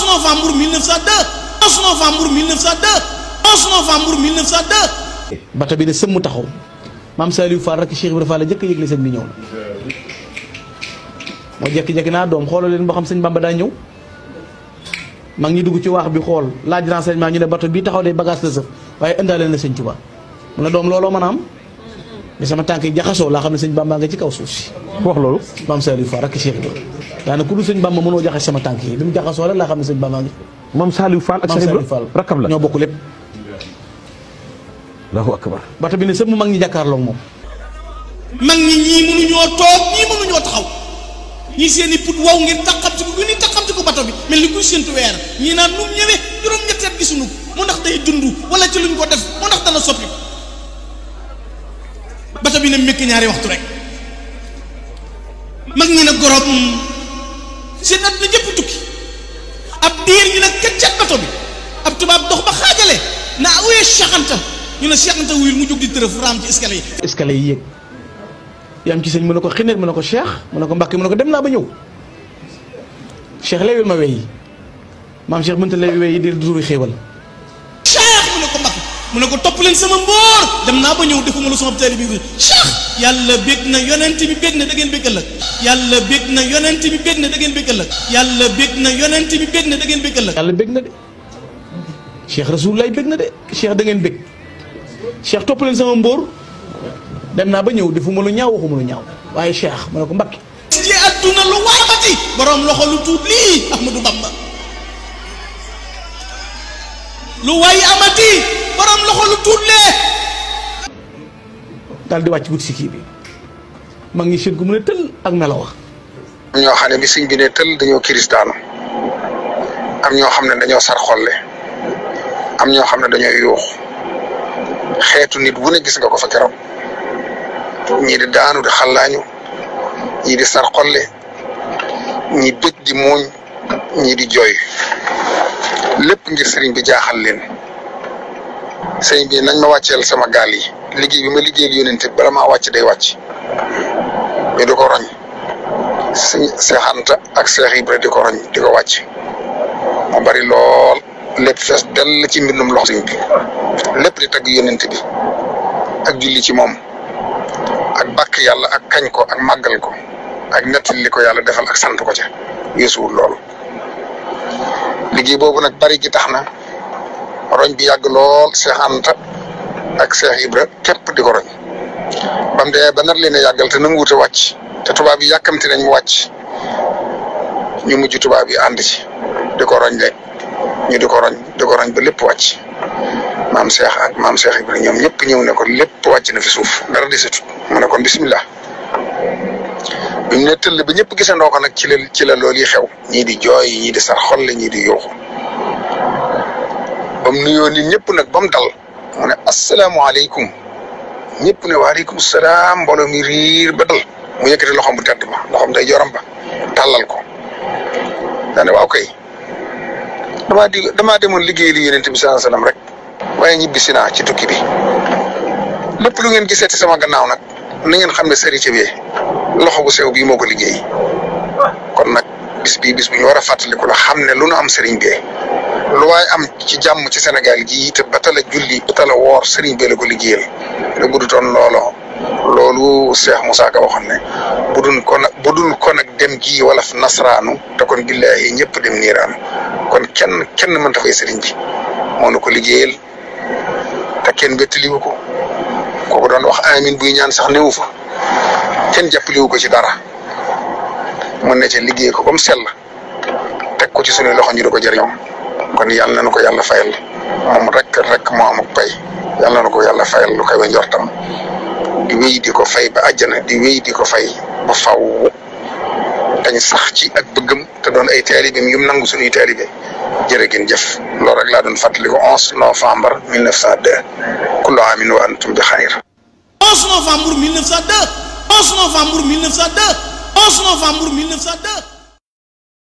11 novembre 1902 11 novembre 1902 11 novembre 1902. bata bi ne sëmm taxaw maam Saliou Fall rek Cheikh Ibrahima Fall la njëkk a sëñ bi ñëw na. moo jékki-jékki naa doom xoolal leen boo xam sëñ ba daa ñëw. mag ñi dugg ci waax bi xool laaj maa ñu ne bato bii taxaw de bagage la sëf waaye indaale na sëñ Tuubaa mu ne doom looloo mën am. ni sama tànk yi jaxasoo laa xam ne sëñ bàmbaa nga ci kaw suuf si ku wax loolu maam Saliou Fall ak Cheikh Ibrahima tànk yi bi mu jaxasoo rek laa xam ne sëñ bàmbaa nga maam Saliou Fall ak Cheikh Ibrahima rakkam mu mag ñi jàkkaarloo moom mag ñi ñii mënuñoo toog ñii mënuñoo taxaw ñii seen i put wow ngir taqamti ko gën a taqamti ko bato bi mel ni kuy séntu weer ñii naan lu mu juróom-ñetti gisuñu ko mu ndax day dund wala ci luñ ko def mu ndax dana soppi bata bi na mékk ñaari waxtu rek mag ñi nag goroom seen at na jëpp tukki ab diir ñu nag këccat bato bi ab tubaab dox ba xaajale naa awee Cheikh Anta ñu ne Cheikh Anta wuyul mu jóg di tërëf raam ci escalier yi escalier yi yéeg yaam ci sëñ mu ne ko xineet mu ne ko Cheikh mu ne ko Mbàkke mu ne ko dem naa ba ñëw Cheikh leewul ma wey yi maam Cheikh mënta leewi wey yi di duuri xéewal mu ne ko topp leen sama mboor dem naa ba ñëw defuma lu sama taalibe bi cheikh yàlla bég na yonent bi bég na da ngeen bég ëllëg yàlla bég na yonent bi bég na da ngeen bég ëllëg yàlla bég na yonent bi bég na da ngeen bég ëllëg yàlla bég na de na de cheikh da ngeen bég cheikh topp sama mboor dem naa ba ñëw defuma lu ñaaw waxuma lu ñaaw waaye cheikh mu ne ko mbakki ci àdduna lu waabati borom loxo lu tuut lii Ahmadou Bamba lu waay amati borom loxo lu tuut dal di wacc wut ci ki bi ma ngi seen gu mu ne tël ak melaw wax ño ñoo bi sëñ bi ne dañu dañoo am ño xam dañu sar xolle am ño xam dañu dañoo yuux xeetu nit bu ne gis nga ko fa keroog ñi di daanu di xallaañu ñi di sar xolle ñi bëgg di moñ ñi di joy lepp ngir serigne bi jaaxal leen sëñ bi nañ ma wàcceel sama gaal yi liggéey bi ma liggéey yónent bi bala maa wàcc day wàcc ñu di roñ sëñ Seex ak Seex Ibra di ko roñ di ko wàcc bari lool lép fees dell ci mbindum loxo sëñ bi lépp di tagg yónent bi ak julli ci moom ak bàkk yàlla ak kañ ko ak màggal ko ak nettali liko ko yàlla defal ak sant ko ca yéesuwul lool liggéey boobu nag bari gi tax na. roñ bi yag lool Cheikh Anta ak Cheikh Ibra kep di ko roñ bam de ba nar leena yagal te nang wuté wacc te tuba bi yakamti nañ mu wacc ñu tuba bi and ci di ko roñ le ñu di ko roñ di ko roñ ba lepp wacc mam Cheikh ak mam Cheikh Ibra ñom ñëpp ñew ne ko lepp wacc na fi suuf dara setu mu ne kon bismillah bi mu bi tëll gisé ndoko nak ci la ci la loolu yi xew ñi di joy ñi di sar xol ñi di yoxu bam nuyo nit ñepp nak bam dal mu ne alaykum ñepp ne alaykum salaam bolo mi riir ba dal mu yëkëti loxoom bu tedd ba loxoom day joram ba dalal ko daa wa okay dama di dama demoon liggéey li yonent sallallahu alayhi wasallam rek waye ñibisina ci tukki bi lepp lu ngeen gisati sama gannaaw nak na ngeen xam ne ci bi loxo bu sew bi moko liggéey kon nak bis bi bis bu ñu wara fatali ko la lu nu am sëriñ bi lu waay am ci jàmm ci senegal ji te ba tala julli ba tala woor sëriñ bi ko liggéeyal te bu dutoon looloo loolu Cheikh musaaka Ka waxoon ne bu dul bu dul kon ak dem gii wala nasraanu te kon billaahi ñëpp dem niiraanu kon kenn kenn mënta fay sëriñ bi moo nu ko liggéeyal te kenn bettaliwu ko kooku doon wax amin bu ñaan sax newu fa kenn jàppaliwu ko ci dara mën na ca liggéey ko ba mu sell ko ci suñu loxo ñu ko jëriñoo kon yàlla na nu ko yàlla fayal moom rek rek moo amuk pay yàlla na nu ko yàlla fayal lu kawe njortam di wéy di ko fay ba àjjana di wéy di ko fay ba faw dañ sax ci ak bëggam te doon ay taalibeem yum nangu suñuy taalibe jërë ngeen jëf loolu rek laa doon fàttali ko 11 novembre 1902 kullu aamin wa antum bi xayr novembre 1902 11 novembre 1902